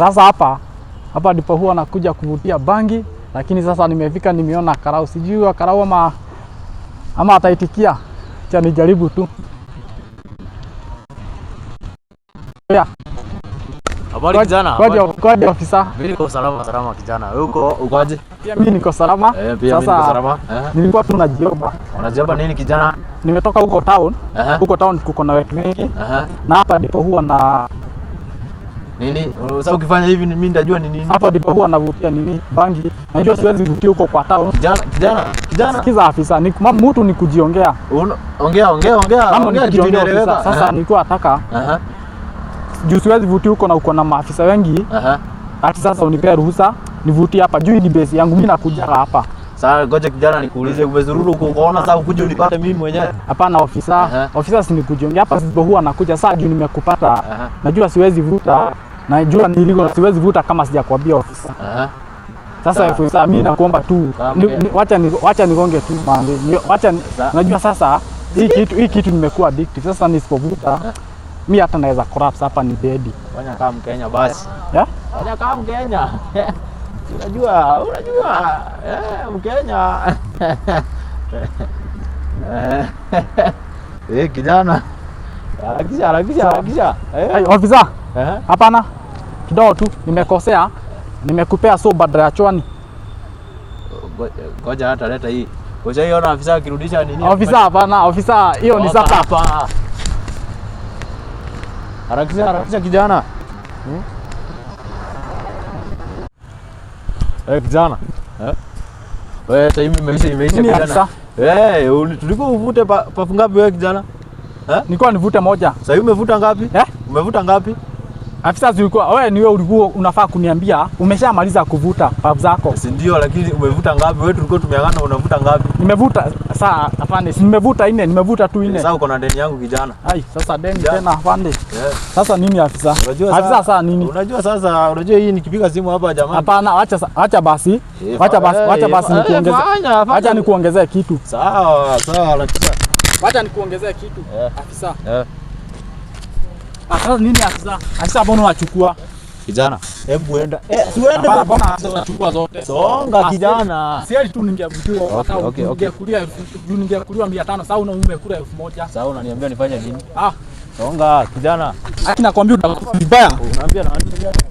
Sasa hapa hapa ndipo huwa nakuja kuvutia bangi, lakini sasa nimefika, nimeona karau, sijui wa karau ama, ama ataitikia. cha nijaribu tu. Yeah. Habari kijana. Kwaje kwaje ofisa? Mimi niko salama salama kijana. Wewe uko ukoje? Pia mimi niko salama. Eh, pia mimi niko salama. Eh. Nilikuwa tu najioba. Unajioba nini kijana? Nimetoka huko town. Eh? Huko town kuko na watu wengi. Eh? Na hapa ndipo huwa na nini, Sasa ukifanya hivi mimi nitajua ni nini. Hapa ndipo huwa anavutia nini, bangi. Najua siwezi kuvutia huko kwa town. Kijana, kijana, kijana, sikiza afisa, ni mtu ni kujiongea. Ongea, ongea, ongea, ongea kitu inaeleweka. Sasa nilikuwa nataka juu siwezi vutia huko na uko na maafisa wengi, Aha. hati sasa unipea ruhusa nivutie hapa juu ni base yangu, mimi nakuja hapa sasa ngoja kijana nikuulize, umezururu huko ukoona sasa ukuje unipate mimi mwenyewe? Hapana ofisa, Ofisa si nikujiongea hapa, sio huwa nakuja sasa juu nimekupata. Najua siwezi vuta najua ni illegal, siwezi vuta kama sijakwambia ofisa. Sasa ofisa, mimi nakuomba tu wacha ni, wacha nigonge tu mande, wacha unajua sasa hii kitu hii kitu nimekuwa addictive sasa, nisipovuta mi hata naweza collapse hapa, ni bedi. Fanya kama Mkenya basi, yeah? Fanya kama Mkenya unajua unajua eh, Mkenya eh, kijana, harakisha harakisha harakisha, ofisa, hapana kidogo tu nimekosea, nimekupea so badala ya chwani. Ngoja hata leta hii. Ngoja hiyo na afisa akirudisha nini? Afisa hapana, afisa hiyo ni sasa hapa. Harakisha harakisha kijana. Hmm? Eh, kijana. Eh? Wewe time imeisha imeisha kijana. Eh, tuliko uvute pafungapi wewe kijana? Eh? Nilikuwa nivute moja. Sasa umevuta ngapi? Eh? Umevuta ngapi? Afisa zilikuwa wewe ni wewe ulikuwa unafaa kuniambia umeshamaliza kuvuta pavu zako. Si ndio lakini umevuta ngapi? Wewe tulikuwa tumeangana unavuta ngapi? Nimevuta saa afande. Si nimevuta nne, nimevuta tu nne. Sasa uko na deni yangu kijana. Ai, sasa deni tena afande. Yes. Sasa nini afisa? Unajua afisa saa nini? Unajua sasa unajua hii nikipiga simu hapa jamani. Hapana, acha acha basi. Acha basi, eh, acha basi eh, nikuongeze. Acha nikuongezee kitu. Sawa, sawa lakini. Acha nikuongezee kitu. Eh. Afisa. Yeah. Ah, sasa nini afisa? Afisa mbona wachukua? Kijana. Hebu enda. Eh, siende mbona mbona afisa zote? Songa ah, kijana. Sieli tu ningekuliwa hata ungekulia juu ningekuliwa 500 sasa una umekula 1000. Sasa unaniambia nifanye nini? Ah. Songa kijana. Aki nakwambia utakufa vibaya. Unaambia nani?